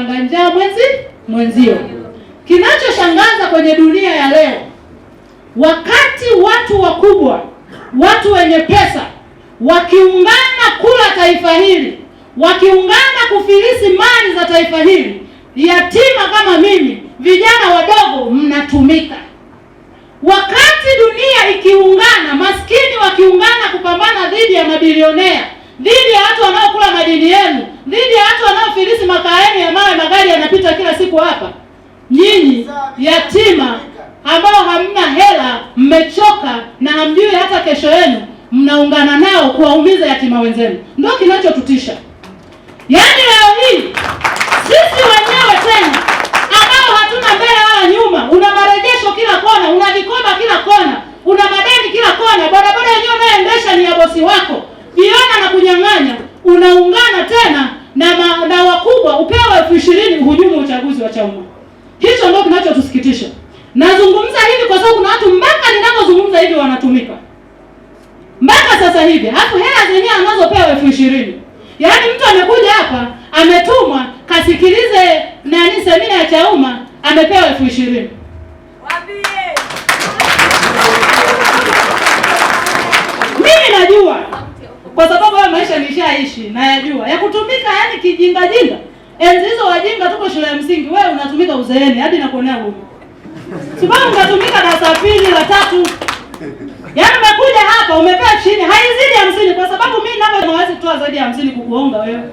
analala njaa mwenzi mwenzio. Kinachoshangaza kwenye dunia ya leo, wakati watu wakubwa, watu wenye pesa wakiungana kula taifa hili, wakiungana kufilisi mali za taifa hili, yatima kama mimi, vijana wadogo mnatumika. Wakati dunia ikiungana, maskini wakiungana kupambana dhidi ya mabilionea, dhidi ya watu wanaokula madini yenu dhidi ya watu wanaofilisi makaeni ya mawe, magari yanapita kila siku hapa. Nyinyi yatima ambao hamna hela, mmechoka na hamjui hata kesho yenu, mnaungana nao kuwaumiza yatima wenzenu, ndio kinachotutisha. Yaani leo hii sisi wenyewe tena ambao hatuna mbele wala nyuma, una marejesho kila kona, una vikoba kila kona, una madeni kila kona, bodaboda yenyewe unayoendesha ni ya bosi wako, jiona na kunyang'anya, unaungana tena uchaguzi wa chama Hicho ndio kinachotusikitisha. Nazungumza hivi kwa sababu kuna watu mpaka ninapozungumza hivi wanatumika mpaka sasa hivi, halafu hela zenyewe anazopewa elfu ishirini. Yaani mtu amekuja hapa ametumwa kasikilize nani semina ya Chauma, amepewa elfu ishirini. Mimi najua kwa sababu maisha nishaishi, nayajua ya kutumika, yaani kijinga jinga Enzi hizo wajinga tuko shule ya msingi, wewe unatumika uzeeni hadi nakuonea huko. Sababu unatumika na safini la tatu. Yaani umekuja hapa umekaa chini haizidi hamsini kwa sababu mimi ninapo naweza kutoa zaidi ya hamsini kukuonga wewe.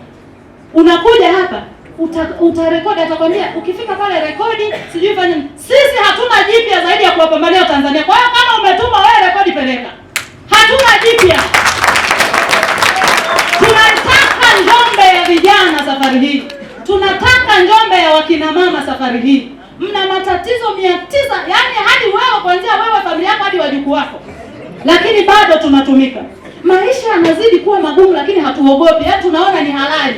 Unakuja hapa uta, utarekodi atakwambia ukifika pale rekodi sijui fanya. Sisi hatuna jipya zaidi ya kuwapambania Tanzania. Kwa hiyo safari hii mna matatizo mia tisa yani hadi wewe kuanzia wewe familia yako hadi wajukuu wako, lakini bado tunatumika. Maisha yanazidi kuwa magumu, lakini hatuogopi, yaani tunaona ni halali.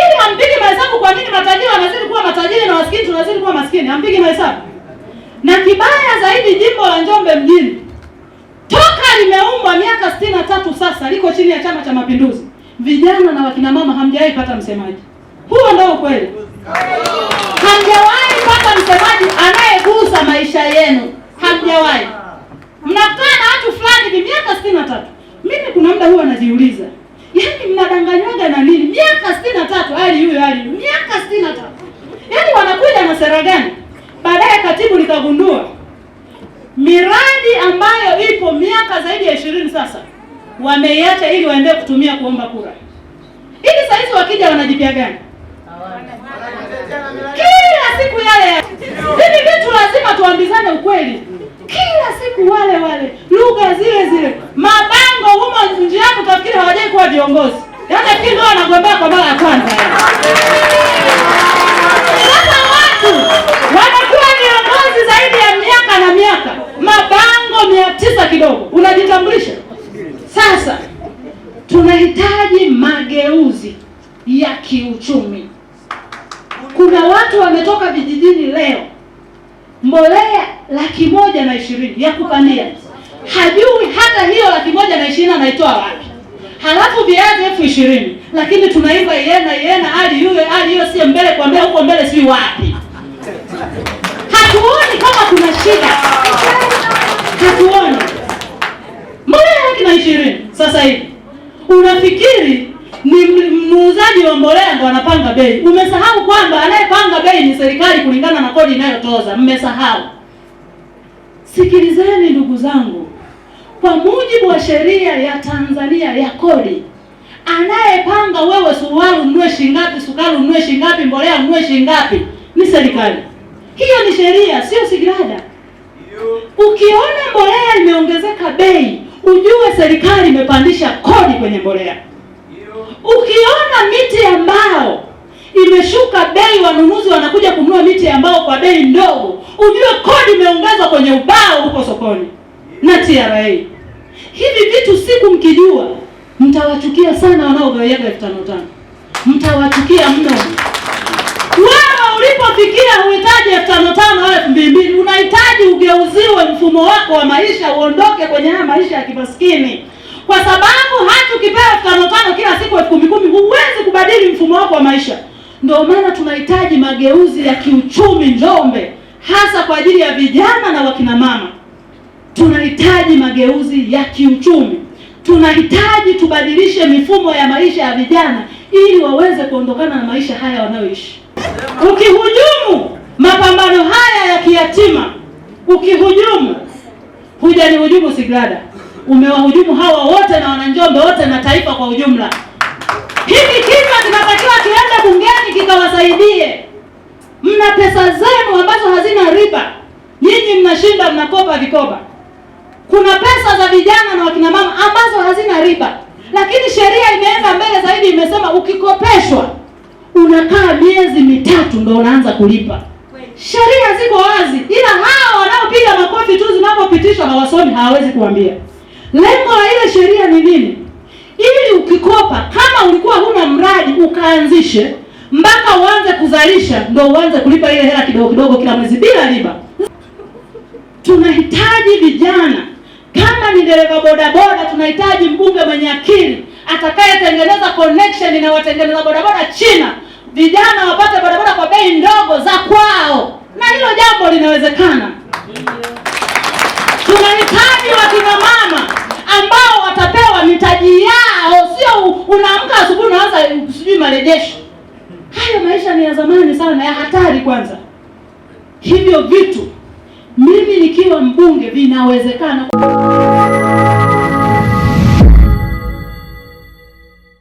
Ili hampigi mahesabu. Kwa nini matajiri wanazidi kuwa matajiri na maskini tunazidi kuwa maskini? Hampigi mahesabu. Na kibaya zaidi, jimbo la Njombe mjini toka limeumbwa miaka sitini na tatu sasa liko chini ya Chama cha Mapinduzi. Vijana na wakina mama hamjawahi pata msemaji. Huo ndio ukweli hamjawahi pata msemaji anayegusa maisha yenu, hamjawahi. Mnakaa na watu fulani ni miaka sitini na tatu. Mimi kuna muda huwa najiuliza, yaani mnadanganywaga na nini? Miaka sitini na tatu hali huyo hali, miaka sitini na tatu, yaani wanakuja na sera gani? Baadaye katibu nikagundua miradi ambayo ipo miaka zaidi ya ishirini sasa wameiacha ili waendelee kutumia kuomba kura, ili saa hizi wakija wanajipia gani? Hawana kila siku yale. Hivi vitu lazima tuambizane ukweli, kila siku wale wale, lugha zile zile, mabango humo njiani, utafikiri hawajai kuwa viongozi. Yaani fikiri ndio wanagombea kwa mara ya kwanza. Sasa watu wanakuwa watu wametoka vijijini leo, mbolea laki moja na ishirini ya kupandia, hajui hata hiyo laki moja na ishirini anaitoa wapi. Halafu viazi elfu ishirini lakini tunaimba iena iena hali yule hali hiyo sie mbele kwa mbele huko mbele si wapi. Hatuoni kama kuna shida, hatuoni mbolea laki na ishirini sasa hivi unafikiri ni muuzaji wa mbolea ndo wanapanga bei. Umesahau kwamba anayepanga bei ni serikali kulingana na kodi inayotoza. Mmesahau. Sikilizeni ndugu zangu, kwa mujibu wa sheria ya Tanzania ya kodi, anayepanga wewe suruali ununue shingapi, sukari mnue shingapi, mbolea mnue shingapi ni serikali. Hiyo ni sheria, sio Sigrada. Ukiona mbolea imeongezeka bei, ujue serikali imepandisha kodi kwenye mbolea. Ukiona miti ya mbao imeshuka bei, wanunuzi wanakuja kununua miti ya mbao kwa bei ndogo, ujue kodi imeongezwa kwenye ubao huko sokoni na TRA. Hivi vitu siku mkijua, mtawachukia sana wanaogaiaga elfu tano tano, mtawachukia mno. Wewe ulipofikia uhitaji elfu tano tano au elfu mbili mbili, unahitaji ugeuziwe mfumo wako wa maisha, uondoke kwenye haya maisha ya kimaskini kwa sababu hata ukipewa elfu tano tano kila siku elfu kumi kumi huwezi kubadili mfumo wako wa maisha. Ndio maana tunahitaji mageuzi ya kiuchumi Njombe, hasa kwa ajili ya vijana na wakina mama. Tunahitaji mageuzi ya kiuchumi, tunahitaji tubadilishe mifumo ya maisha ya vijana ili waweze kuondokana na maisha haya wanayoishi. Ukihujumu mapambano haya ya kiyatima, ukihujumu hujanihujumu Sigrada umewahujumu hawa wote na wananjombe wote na taifa kwa ujumla. Hiki kichwa kinatakiwa kiende bungeni kikawasaidie. Mna pesa zenu ambazo hazina riba, nyinyi mnashinda mnakopa vikoba. Kuna pesa za vijana na wakina mama ambazo hazina riba, lakini sheria imeenda mbele zaidi, imesema ukikopeshwa unakaa miezi mitatu ndo unaanza kulipa. Sheria ziko wazi, ila hao wanaopiga makofi tu zinapopitishwa hawasomi, hawawezi kuambia. Lengo la ile sheria ni nini? Ili ukikopa, kama ulikuwa huna mradi ukaanzishe mpaka uanze kuzalisha, ndio uanze kulipa ile hela kidogo kidogo kila mwezi bila riba. Tunahitaji vijana, kama ni dereva bodaboda, tunahitaji mbunge mwenye akili atakayetengeneza connection na watengeneza bodaboda China, vijana wapate bodaboda kwa bei ndogo za kwao, na hilo jambo linawezekana. marejesho. Hayo maisha ni ya zamani sana na ya hatari. Kwanza hivyo vitu, mimi nikiwa mbunge, vinawezekana.